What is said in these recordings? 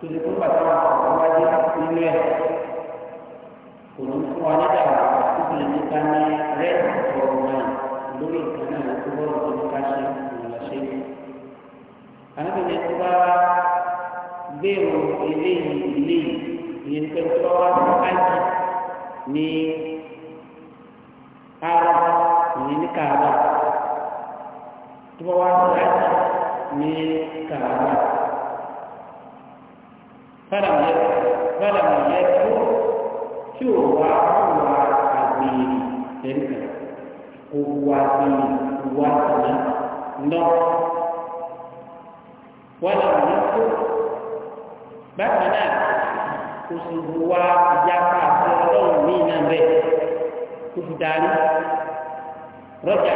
tòlè tó bàtà wà wájú nínú ẹ̀ kò ní fún wa nígbà tó fi lè ní ká ní rẹ́ẹ̀dì ọ̀rọ̀ náà lórí ìtàn náà tó bọ́ lọ́wọ́ ní ká ṣe ìrìnàṣẹ́ yìí. àníbi tó bá gbèrò eléyìí eléyìí ìyẹn pé tó bá wá fún ájì ní ara ìyẹn ní kàrà tó bá wá fún ní kàrà fẹ́rẹ̀ mọ̀ fẹ́rẹ̀ mọ̀ yẹ tó tí ò wá wà àgbèrè tẹ́lẹ̀ kò wà àgbèrè wà tẹ̀lẹ̀ lọ. wọ́n lọ yẹ tó bákan náà kò sì wá ìyapa àti ọlọ́run ní iná bẹ́ẹ̀ kò sì darí rọ́jà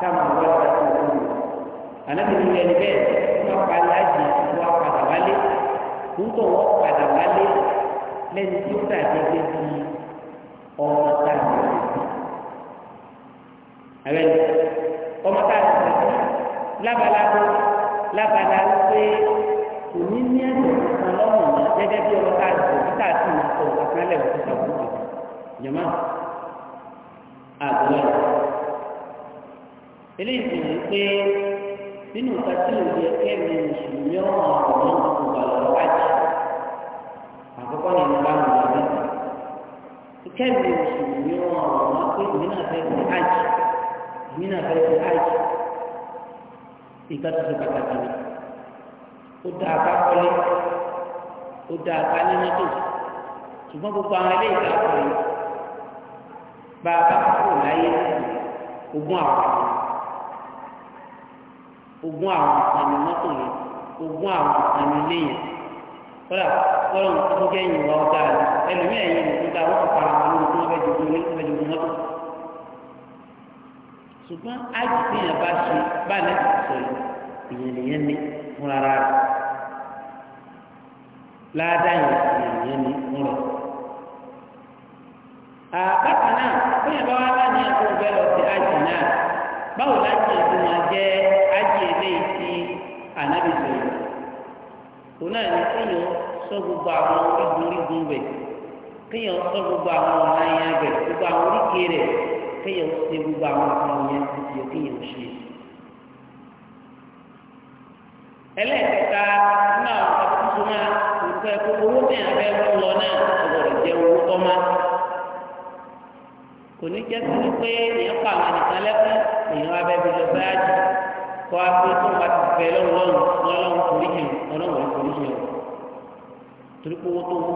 kàmú wọ́n ti sọ̀rọ̀ ànábìrin yẹn bẹ́ẹ̀ wọ́n pa láti padà wálé nítorí wọ́n padà wálé lẹ́ni tí ó dàbí gẹ́gẹ́ bí ọmọ tá a lè abẹ́ ọmọ tá a lè lè lábalábó lábala pé kò ní ní kan lọ́rùn náà gẹ́gẹ́ bí ọmọ tá a lè lè tá a sì máa sọ àkànlẹ̀ òkú sàbúrò kan jama àgbọ̀lá eléyìí sì ní pé. nínú nǹkan tí ò yẹ kẹ́mi mùsùlùmí ọ̀hún ọ̀rọ̀ kò gbà lọ́wọ́ wájú àkọ́kọ́ ni mo bá wọn lọ bí kẹ́mi mùsùlùmí ọ̀hún ọ̀rọ̀ náà pé èmi náà fẹ́ fi hajj èmi náà fi hajj pàtàkì ó ó ṣùgbọ́n gbogbo àwọn bá a bá kúrò láyé ogún àwọn àmì mọ́tò yẹn ogún àwọn àmì ilé yẹn kọ́lá kọ́lá tó jẹ́ ìyìn wa ọ̀gá rẹ̀ ẹlòmí ẹ̀yìn ìlú ta wọ́n fara wọn lórí tí wọ́n fẹ́ jogun ní wọ́n fẹ́ jogun mọ́tò. ṣùgbọ́n ájì tí yẹn bá ṣe bá nẹ́ẹ̀tì sọ yìí ìyẹn nìyẹn ní fúnra rẹ̀ láàdá yẹn ìyẹn nìyẹn ní fúnra. àbákan náà bí bá wá láti ẹ̀kọ́ bẹ́ẹ̀ lọ sí ájì náà báwo láti ẹ̀dùn wọn jẹ́ ájì eléyìí tí ànábì sọ̀rọ̀ òun náà ní kéèyàn sọ gbogbo àwọn orígun rẹ̀ sọ gbogbo àwọn ọ̀nà rẹ̀ gbogbo àwọn rẹ̀ gbogbo àwọn yẹn o ṣe. ẹlẹ́ẹ̀kẹta náà máa ń owó bẹ́ẹ̀ lọ náà jẹ́ owó kò ní jẹ́ sí pé èèyàn pa àwọn nìkan lẹ́kún èèyàn abẹ́bí lọ bá jù kó a fi tó wá ti bẹ lọ́run lọ́run lọ́run kò ní jẹun ọlọ́run kò ní jẹun torí pé owó tó lọ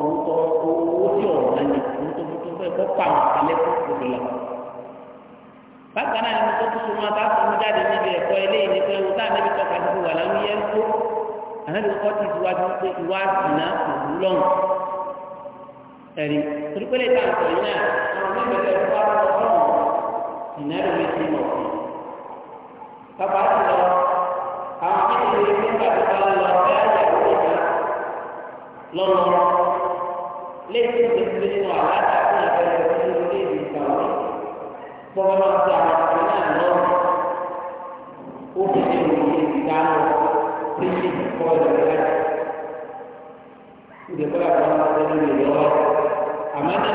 owó tó owó tí ọ̀rọ̀ náà ni owó tó tó fẹ́ kó pa àwọn nìkan lẹ́kún kò lọ. bákan náà ni mo tó a tọ́ka ti ẹ̀rí torípélé tá a sọ̀rọ̀ náà àwọn mẹ́fẹ̀ẹ́ fún wa lọ sọ́run ìnáwó mi ti mọ̀ sí. bàbá ti lọ àwọn akéwì che tó bá lọ bẹ́ẹ̀ àgbà tó lọ la lẹ́yìn tó le nínú àlàáta fún àbẹ̀rẹ̀ tó ti lórí èdè ìgbàwọ́ gbọ́dọ̀ máa sọ àwọn ọ̀sán náà lọ́wọ́ ó fi ṣe òkè ìdáná tí kò kọ́ ọ̀dọ̀ rẹ̀ láti. ìdèkọ́lá kan máa Bayar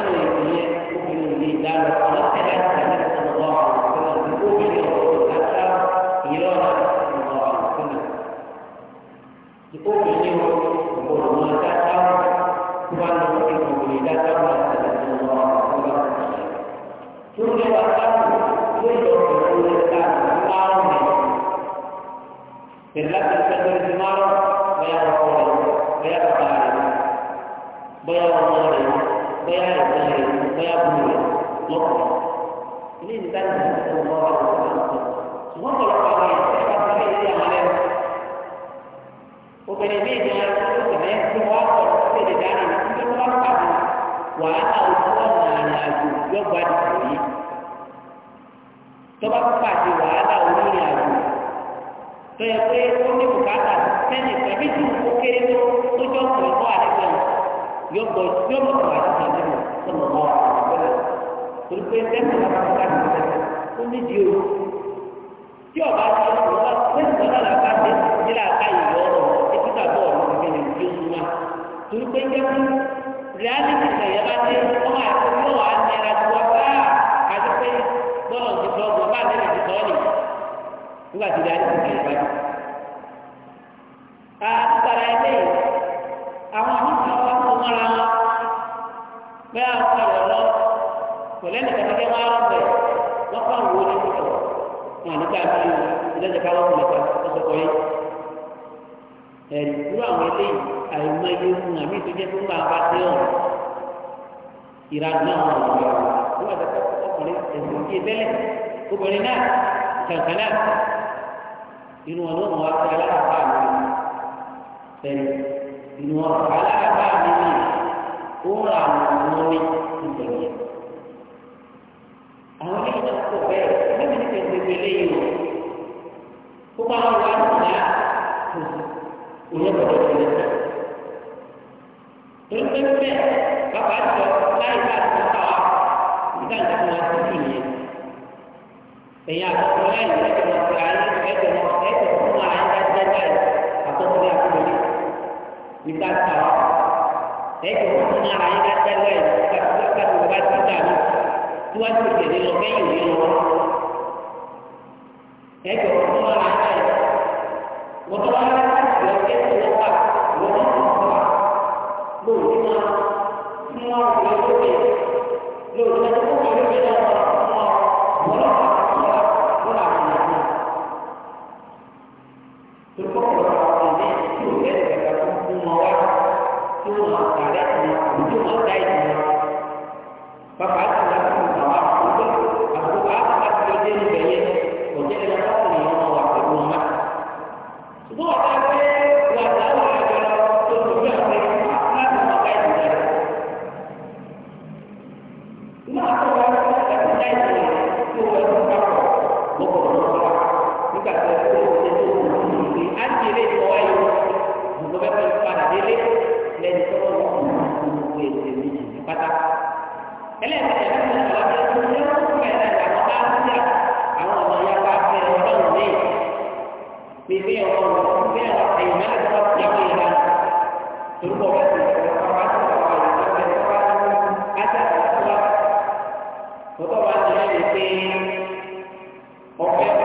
orang lain. Bayar orang lain. bẹ́ẹ̀ àìsàn rẹ̀ bẹ́ẹ̀ àbúrò rẹ̀ lọ́kọ̀. ilé ìdíkà ní ìdíkà tó ń bọ́ wà lọ́kọ̀ lọ́kọ̀. ṣùgbọ́n ọ̀pọ̀lọpọ̀ àwọn ẹ̀sẹ̀ bá ti fẹ́ sí àwọn ẹ̀rọ. obìnrin mi ìdí wọn tó tẹ̀lé tí wọ́n á sọ̀rọ̀ sí èdè dání ní tí wọ́n bá pàdé wàhálà ojú ọ̀nà àrìnàjò yọ̀gbà dìbòyí. tó bá pàdé wàhálà orí tó yẹ pé ó ní bùkátà sẹ́ni tàbí tí ó kéré tó tó jọ́ pọ̀ ẹ̀kọ́ àdéhùn yóò bọ̀ yóò mọ̀ kọ́ àti ìdílé mi sọ̀rọ̀ mọ́ àkọsílẹ̀ torí pé tẹ́sán náà bá ń ká ní ó ní di o tí ọba ti ọ̀rọ̀ bá tẹ́sán náà bá ti nílà ká ìlú ọ̀rọ̀ etí tàbí ọ̀rọ̀ ìgbẹ́ ní ìdí oṣù wa torí pé jẹ́kú reality ìṣẹ̀yẹ bá dé ọmọ àti ọmọ wa ń yẹra ju wa bá àti pé bọ́ọ̀lù ti sọ ọgbọ̀n bá àti ẹ̀rẹ̀ ti sọ ọ́ nì nígbà tí reality ìṣẹ̀yẹ bá dé. nígbà tí ìdájọ́ ká wọ́n mọ̀lẹ́ta ọ̀sọ̀ kọ́ yìí ẹ̀rí irú àwọn eléyìí àìmọ ilé fún àmì tó jẹ́ fún bàbá tí ó ìrànú àwọn ọ̀rọ̀ ìwà ìgbà tó ọkùnrin ẹ̀sìn bíi tẹ́lẹ̀ obìnrin náà kankan náà inú wọn ló mọ̀ wá sí aláàbá mi ẹ̀rí inú wọn aláàbá mi ni ó rà wọn ní ìgbẹ̀yẹ̀. Kita tahu, saya cuma mengarahkan saya, kita tidak akan berubah tidak síwájú ìtẹ̀lé lọ kẹ́yìn òní lọ. ẹjọ́ tó wà lára ẹ̀ wọ́n tó wà lára ẹ̀ tó wọ́n wà wọ́n tó wọ́n wà lóòótọ́ tí wọ́n wọ́n wọ́n lóòótọ́ Oke. Okay.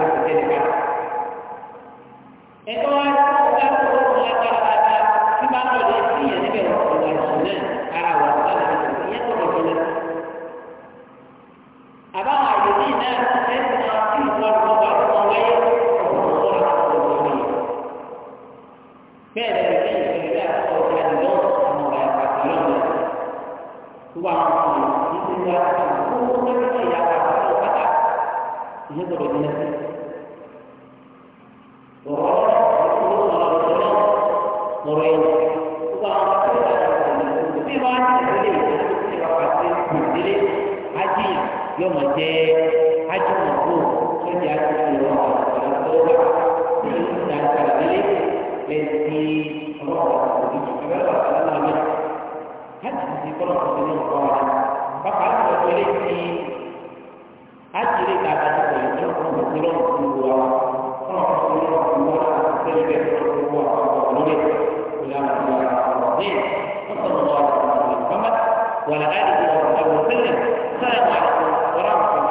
bẹ́ẹ̀ lẹ́yìn lẹ́yìn lẹ́yìn lẹ́yìn àkọ́kọ́ ìyá ni lọ́wọ́ àwọn ọ̀rẹ́ àpàtì lọ́wọ́ gbogbo àwọn ọmọ yìí ní ti wá gbogbo kẹ́kẹ́ ìyá wa àpàtì pátá ìyẹn gbọdọ̀ ní ẹsẹ̀. ọ̀rọ̀ ọ̀rọ̀ ọ̀rọ̀ ọ̀rọ̀ ọ̀rọ̀ ẹ̀yìn gbogbo àwọn ọmọ tó wà lọ́wọ́ bí wọ́n á ti tẹ̀lé ìdílé àpàtì ìdílé ajíyàn yóò mọ̀ jẹ́ kọ́nà ọ̀sẹ̀ ní ọ̀pọ̀ wa pápá àtúntò ilé ti àjèrè kàtà ti pẹ̀lú ní ọ̀pọ̀ òkú lọ́wọ́ fún wa kọ́nà ọ̀sẹ̀ ní ọ̀pọ̀ wa sẹ́yìn bẹ́ẹ̀ fún ọ̀pọ̀ wa ọ̀pọ̀ lórí ìlànà ìlànà ọ̀sẹ̀ ọ̀sẹ̀ ọ̀sẹ̀ ọ̀sẹ̀ ọ̀sẹ̀ ọ̀sẹ̀ ọ̀sẹ̀ ọ̀sẹ̀ ọ̀sẹ̀ ọ̀sẹ̀ ọ̀sẹ̀ ọ̀sẹ̀